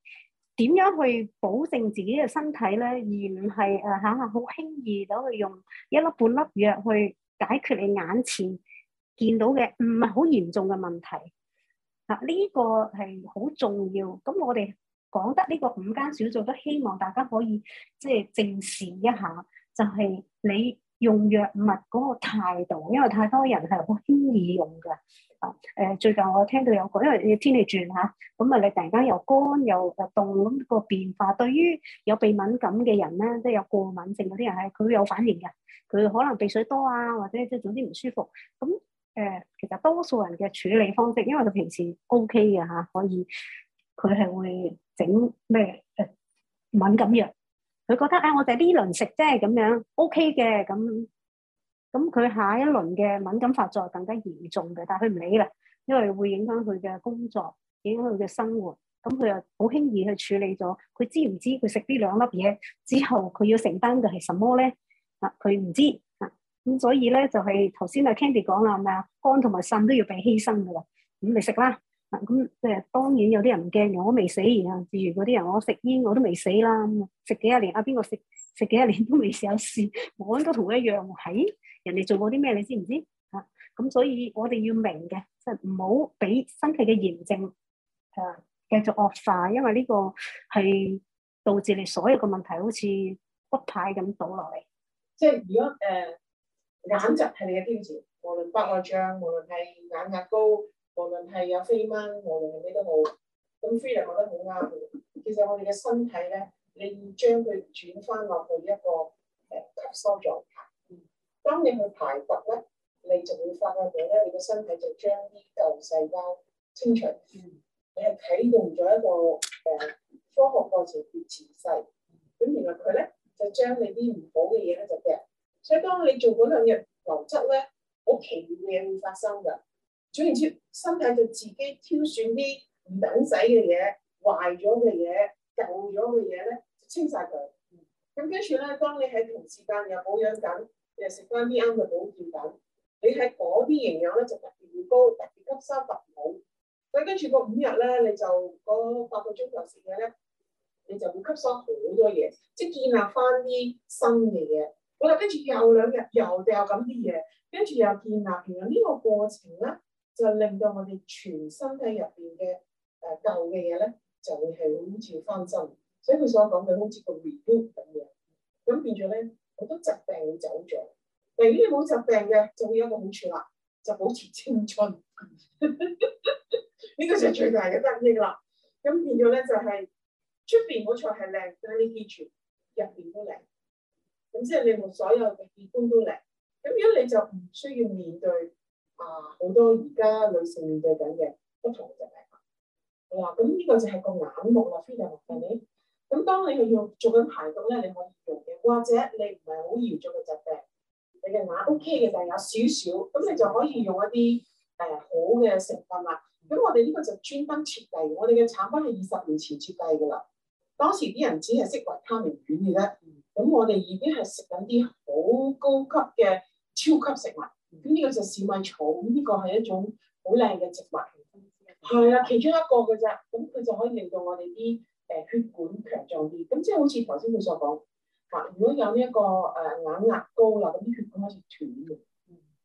點樣去保證自己嘅身體咧，而唔係誒下下好輕易走去用一粒半粒藥去解決你眼前見到嘅唔係好嚴重嘅問題。嗱、啊，呢、呢個係好重要。咁我哋講得呢個五間小組都希望大家可以即係、就是、正視一下，就係、是、你用藥物嗰個態度，因為太多人係好輕易用嘅。啊，最近我聽到有個，因為嘅天氣轉吓，咁啊你突然間又乾又誒凍，咁、嗰個變化對於有鼻敏感嘅人咧，即係有過敏症嗰啲人係佢會有反應嘅，佢可能鼻水多啊，或者即係總之唔舒服。咁誒、呃，其實多數人嘅處理方式，因為佢平時 O K 嘅吓，可以佢係會整咩誒敏感藥，佢覺得啊、哎，我哋呢輪食即係咁樣 O K 嘅咁。OK。咁佢下一輪嘅敏感發作更加嚴重嘅，但係佢唔理啦，因為會影響佢嘅工作，影響佢嘅生活。咁佢又好輕易去處理咗。佢知唔知佢食呢兩粒嘢之後，佢要承擔嘅係什麼咧？啊，佢唔知啊。咁所以咧就係、是、頭先阿 Candy 講啦，係咪啊？肝同埋腎都要被犧牲噶啦。咁你食啦。咁誒當然有啲人唔驚嘅，我未死。然後至如嗰啲人，我食煙我都未死啦。食幾十年啊，邊個食食幾十年都未死有事？我都同佢一樣喎，喺。人哋做過啲咩，你知唔知？嚇、啊，咁所以我哋要明嘅，即係唔好俾身體嘅炎症，啊，繼續惡化，因為呢個係導致你所有嘅問題好，好似骨牌咁倒落嚟。即係如果誒、呃、眼疾係你嘅標誌，無論白內障，無論係眼壓高，無論係有飛蚊，無論係咩都好，咁菲林我覺得好啱。其實我哋嘅身體咧，你要將佢轉翻落去一個誒吸收咗。呃當你去排毒咧，你就會發覺到咧，你個身體就將啲舊細胞清除。嗯，你係啟動咗一個誒、呃、科學過程叫自細。咁原來佢咧就將你啲唔好嘅嘢咧就踢。所以當你做嗰兩日流質咧，好奇妙嘅嘢會發生噶。總之，身體就自己挑選啲唔等使嘅嘢、壞咗嘅嘢、舊咗嘅嘢咧，就清晒佢。咁跟住咧，當你喺同時間又保養緊。又食翻啲啱嘅保健品，你喺嗰啲營養咧就特別高，特別吸收得好。咁跟住個五日咧，你就個八個鐘頭食嘢咧，你就會吸收好多嘢，即係建立翻啲新嘅嘢。好啦，跟住又兩日又掉咁啲嘢，跟住又，又，又建立。然後呢個過程咧，就令到我哋全身體入邊嘅誒舊嘅嘢咧，就會係好似翻新。所以佢所講嘅好似個年糕咁樣，咁變咗咧。好多疾病會走咗，但係呢冇疾病嘅就會有一個好處啦，就保持青春。呢 個就係最大嘅得益啦，咁變咗咧就係出邊冇錯係靚，等呢啲住入邊都靚，咁即係你冇所有嘅器官都靚，咁樣你就唔需要面對啊好多而家女性面對緊嘅不同嘅疾病。我話咁呢個就係個眼目啦，非常係咪？ 咁當你要做緊排毒咧，你可以用嘅；或者你唔係好嚴重嘅疾病，你嘅眼 O K 嘅，就係有少少，咁你就可以用一啲誒好嘅成分啦。咁我哋呢個就專登設計，我哋嘅產品係二十年前設計噶啦。當時啲人只係識維他命丸嘅啫，咁我哋已經係食緊啲好高級嘅超級食物。咁呢個就小米草，咁呢個係一種好靚嘅植物。係啊，其中一個嘅啫，咁佢就可以令到我哋啲。誒血管強壯啲，咁即係好似頭先佢所講，嗱，如果有呢一個誒眼壓高啦，咁啲血管開始斷嘅，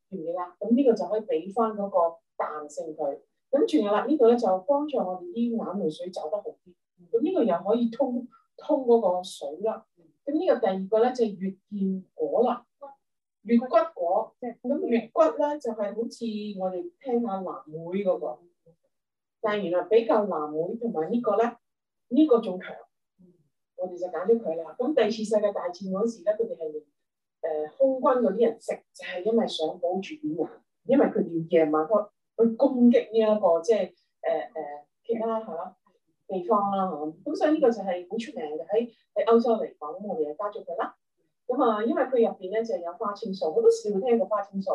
斷嘅啦，咁呢個就可以俾翻嗰個彈性佢，咁仲有啦，呢個咧就幫助我哋啲眼淚水走得好啲，咁呢個又可以通通嗰個水啦。咁呢個第二個咧就係越見果啦，越骨果，咁越骨咧就係、是、好似我哋聽下藍莓嗰個，但係原來比較藍莓同埋呢個咧。呢個仲強，我哋就揀咗佢啦。咁第二次世界大戰嗰時咧，佢哋係誒空軍嗰啲人食，就係因為想保住喎，因為佢要夜晚去去攻擊呢一個即係誒誒其他嚇地方啦，咁所以呢個就係好出名嘅，喺喺歐洲嚟講，我哋係加咗佢啦。咁啊，因為佢入邊咧就係有花青素，我都少聽過花青素。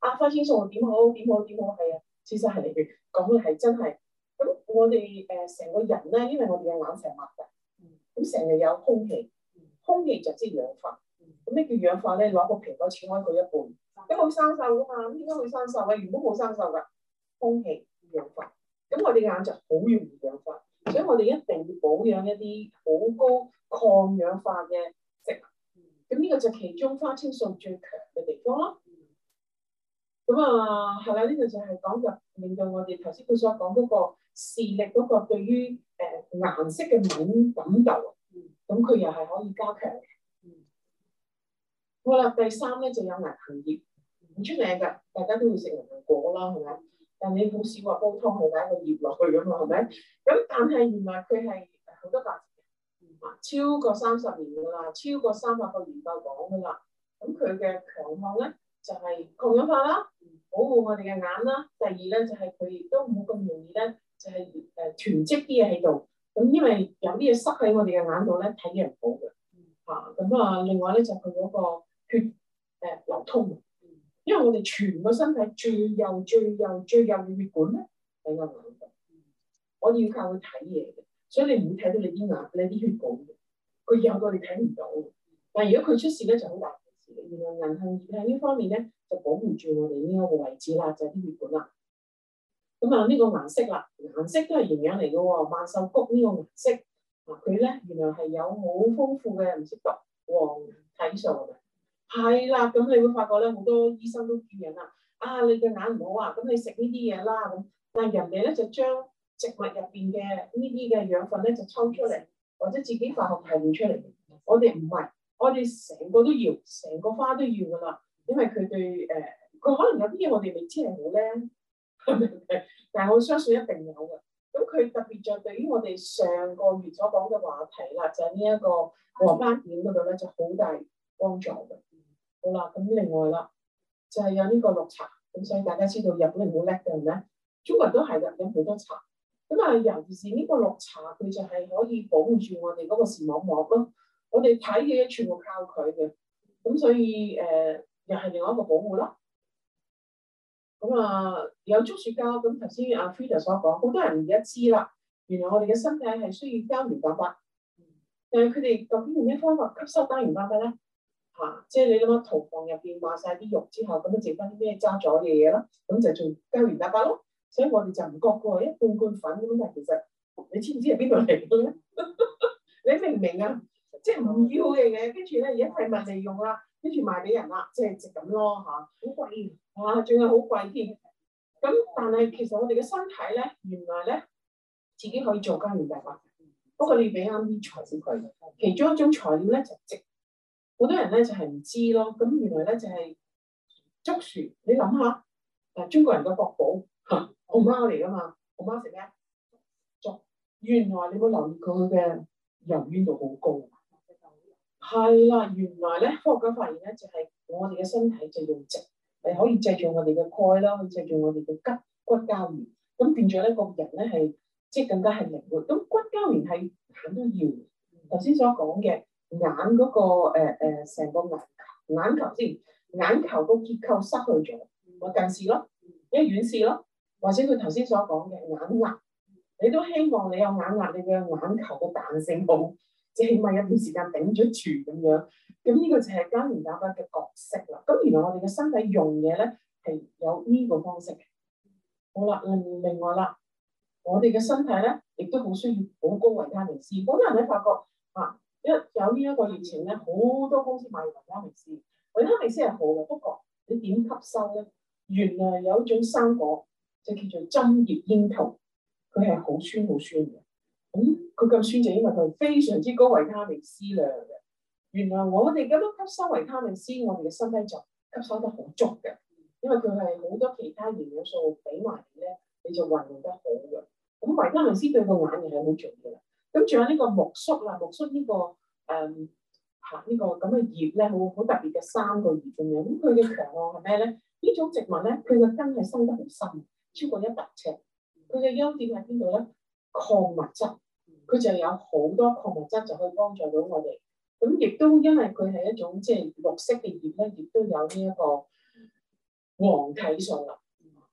啊，花青素點好點好點好係啊，事實係你哋講嘅係真係。咁我哋誒成個人咧，因為我哋嘅眼成擘嘅，咁成日有空氣，空氣就即氧化。咁咩叫氧化咧？攞個蘋果切開佢一半，咁會生銹噶嘛？點解會生銹咧？如果冇生銹噶，空氣氧化。咁我哋嘅眼就好容易氧化，所以我哋一定要保養一啲好高抗氧化嘅食物。咁呢個就其中花青素最強嘅地方咯。咁啊係啦，呢個就係講嘅，令到我哋頭先佢所講嗰個。視力嗰個對於誒、呃、顏色嘅敏感度，咁佢又係可以加強。嗯、好啦，第三咧就有銀杏葉唔出名噶，大家都要食銀杏果啦，係咪？但你好少話煲湯，你加個葉落去啊嘛，係咪？咁但係原來佢係好多百年，超過三十年噶啦，超過三百個研究講噶啦。咁佢嘅強項咧就係、是、抗氧化啦，保護我哋嘅眼啦。第二咧就係佢亦都冇咁容易咧。就係誒囤積啲嘢喺度，咁因為有啲嘢塞喺我哋嘅眼度咧，睇嘢唔到嘅。嚇、嗯，咁啊，另外咧就佢、是、嗰個血誒、呃、流通，因為我哋全個身體最幼最幼最幼嘅血管咧，比較難嘅。嗯、我要靠佢睇嘢嘅，所以你唔會睇到你啲眼你啲血管嘅，佢有個你睇唔到。但係如果佢出事咧就好大事嘅，原來人體血呢方面咧就保護住我哋呢一個位置啦，就係、是、啲血管啦。咁啊，呢個顏色啦，顏色都係營養嚟嘅喎。萬壽菊呢個顏色，啊，佢咧原來係有好豐富嘅，唔識讀黃體素嘅。係、哦、啦，咁你會發覺咧，好多醫生都建議啦，啊，你嘅眼唔好啊，咁你食呢啲嘢啦咁。但係人哋咧就將植物入邊嘅呢啲嘅養分咧就抽出嚟，或者自己化學提煉出嚟。我哋唔係，我哋成個都要，成個花都要噶啦，因為佢對誒，佢、呃、可能有啲嘢我哋未知係好咧。 但係我相信一定有嘅。咁佢特別就對於我哋上個月所講嘅話題啦，就係、是、呢一個黃斑點嗰度咧，就好、是、大幫助嘅。嗯、好啦，咁另外啦，就係、是、有呢個綠茶。咁、嗯、所以大家知道日本好叻嘅人咧，中國都係日本好多茶。咁、嗯、啊，尤其是呢個綠茶，佢就係可以保護住我哋嗰個視網膜咯。我哋睇嘢全部靠佢嘅，咁所以誒、呃，又係另外一個保護咯。咁啊、嗯，有竹樹膠。咁頭先阿 Frida 所講，好多人而家知啦。原來我哋嘅身體係需要膠原蛋白，嗯、但係佢哋究竟用咩方法吸收膠原蛋白咧？嚇、啊，即係你諗下，屠房入邊買晒啲肉之後，咁樣食翻啲咩渣咗嘅嘢啦，咁就做膠原蛋白咯。所以我哋就唔覺過，一半罐粉咁，但其實你知唔知係邊度嚟嘅咧？ 你明唔明啊？即係唔要嘅嘢，跟住咧而家係廢物利用啦，跟住賣俾人啦，即係直咁咯嚇。好、啊、貴。啊，仲係好貴添。咁但係其實我哋嘅身體咧，原來咧自己可以做膠原蛋白，嗯、不過你俾啱啲材料佢。其中一種材料咧就植、是，好多人咧就係、是、唔知咯。咁原來咧就係、是、竹樹，你諗下，中國人嘅國寶嚇，熊貓嚟噶嘛，熊貓食咩竹，原來你冇留意佢嘅營養度好高。係啦、嗯，原來咧科學家發現咧就係、是、我哋嘅身體就用直。你可以藉著我哋嘅鈣啦，去藉著我哋嘅骨骨膠原，咁變咗咧，個人咧係即係更加係靈活。咁骨膠原係眼都要，頭先所講嘅眼嗰個，誒誒、成個眼球，眼球先眼球個結構失去咗，我近視咯，一遠視咯，或者佢頭先所講嘅眼壓，你都希望你有眼壓，你嘅眼球嘅彈性好。即係起碼有段時間頂咗住咁樣，咁呢個就係膠原蛋白嘅角色啦。咁原來我哋嘅身體用嘢咧係有呢個方式嘅。好啦，另另外啦，我哋嘅身體咧亦都好需要好高維他命 C。好多人喺發覺嚇，一、啊、有呢一個疫情咧，好多公司買維他命 C。維他命 C 係好嘅，不過你點吸收咧？原來有一種生果就叫做針葉櫻桃，佢係好酸好酸嘅。咁佢夠酸就因為佢係非常之高維他命 C 量嘅。原來我哋咁樣吸收維他命 C， 我哋嘅身體就吸收得好足嘅。因為佢係好多其他營養素俾埋你咧，你就運用得好嘅。咁維他命 C 對個眼係係好重要嘅啦。咁仲有呢個苜蓿啦，苜蓿、這個嗯這個、呢個誒吓呢個咁嘅葉咧，好好特別嘅三個葉咁樣。咁佢嘅強項係咩咧？呢種植物咧，佢嘅根係生得好深，超過一百尺。佢嘅優點喺邊度咧？礦物質。佢就有好多礦物質就可以幫助到我哋，咁亦都因為佢係一種即係綠色嘅葉咧，亦都有呢一個黃體素啦。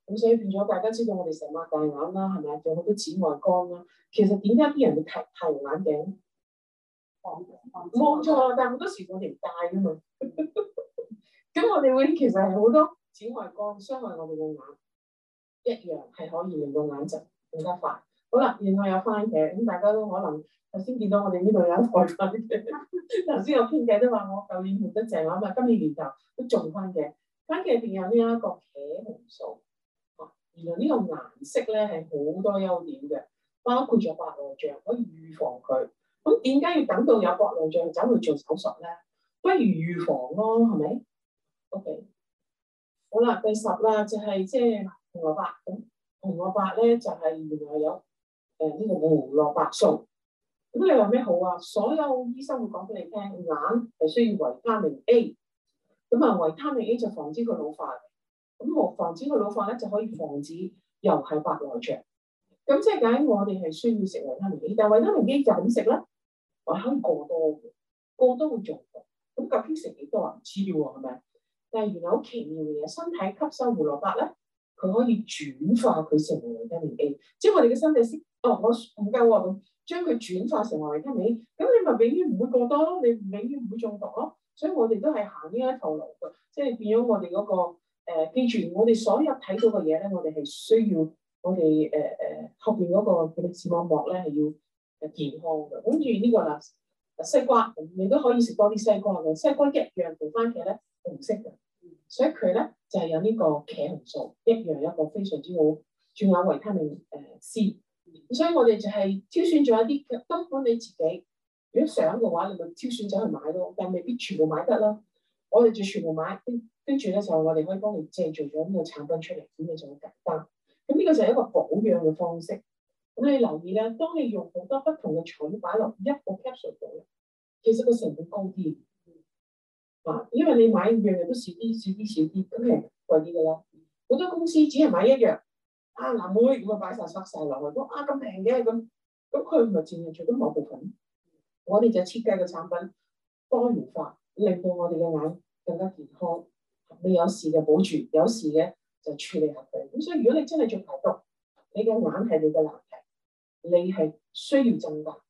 咁所以變咗大家知道我睜眼睜眼，我哋成日擘大眼啦，係咪？仲好多紫外光啦。其實點解啲人要戴太陽眼鏡？冇錯，但係好多時我哋唔戴㗎嘛。咁 我哋會其實係好多紫外光傷害我哋嘅眼，一樣係可以令到眼疾更加快。好啦，原來有番茄，咁、嗯、大家都可能頭先見到我哋呢度有一台番 茄。頭先有傾偈都話我舊年換得淨，咁、嗯、嘛，今年年頭都種番茄。番茄入邊有呢一個茄紅素，哦、原來個顏呢個顏色咧係好多優點嘅，包括咗白內障可以預防佢。咁點解要等到有白內障走去做手術咧？不如預防咯，係咪？OK，好啦，第十啦，就係即係紅蘿蔔。咁紅蘿蔔咧就係、是哦就是、原來有。誒呢個胡蘿蔔素，咁你話咩好啊？所有醫生會講俾你聽，眼係需要維他命 A，咁啊維他命 A 就防止佢老化，咁冇防止佢老化咧就可以防止又係白內障。咁即係講我哋係需要食維他命 A，但係維他命 A 就飲食咧，我諗過多嘅，過多會中毒。咁究竟食幾多啊？唔知喎，係咪？但係原來好奇妙嘅嘢，身體吸收胡蘿蔔咧，佢可以轉化佢成為維他命 A，即係我哋嘅身體先，哦，我唔夠喎，咁將佢轉化成為，維他命，咁你咪永遠唔會過多咯，你永遠唔會中毒咯。所以我哋都係行呢一套路嘅，即係變咗我哋嗰、那個誒、呃，記住我哋所有睇到嘅嘢咧，我哋係需要我哋誒誒後邊嗰個佢嘅視網膜咧係要誒健康嘅。咁住呢個啦，西瓜，你都可以食多啲西瓜嘅。西瓜一樣同番茄咧紅色嘅，所以佢咧就係、是、有呢個茄紅素，一樣一個非常之好，仲有維他命誒、呃、C。所以我哋就係挑選咗一啲根本你自己，如果想嘅話，你咪挑選咗去買咯，但未必全部買得咯。我哋就全部買，跟跟住咧就我哋可以幫你製造咗呢個產品出嚟，咁嘅就好簡單。咁、嗯、呢、呢個就係一個保養嘅方式。咁、嗯、你留意咧，當你用好多不同嘅產品擺落一個 capsule 度，其實個成本高啲。啊、嗯嗯，因為你買樣樣都少啲、少啲、少啲，咁係貴啲嘅啦。好多公司只係買一樣。啊，嗱，妹咁啊，擺晒、塞曬落去，啊咁靚嘅咁，咁佢咪淨係做緊某部分，我哋就設計個產品多元化，令到我哋嘅眼更加健康，你有事就保住，有事嘅就處理下佢。咁所以如果你真係做排毒，你嘅眼係你嘅難題，你係需要進化。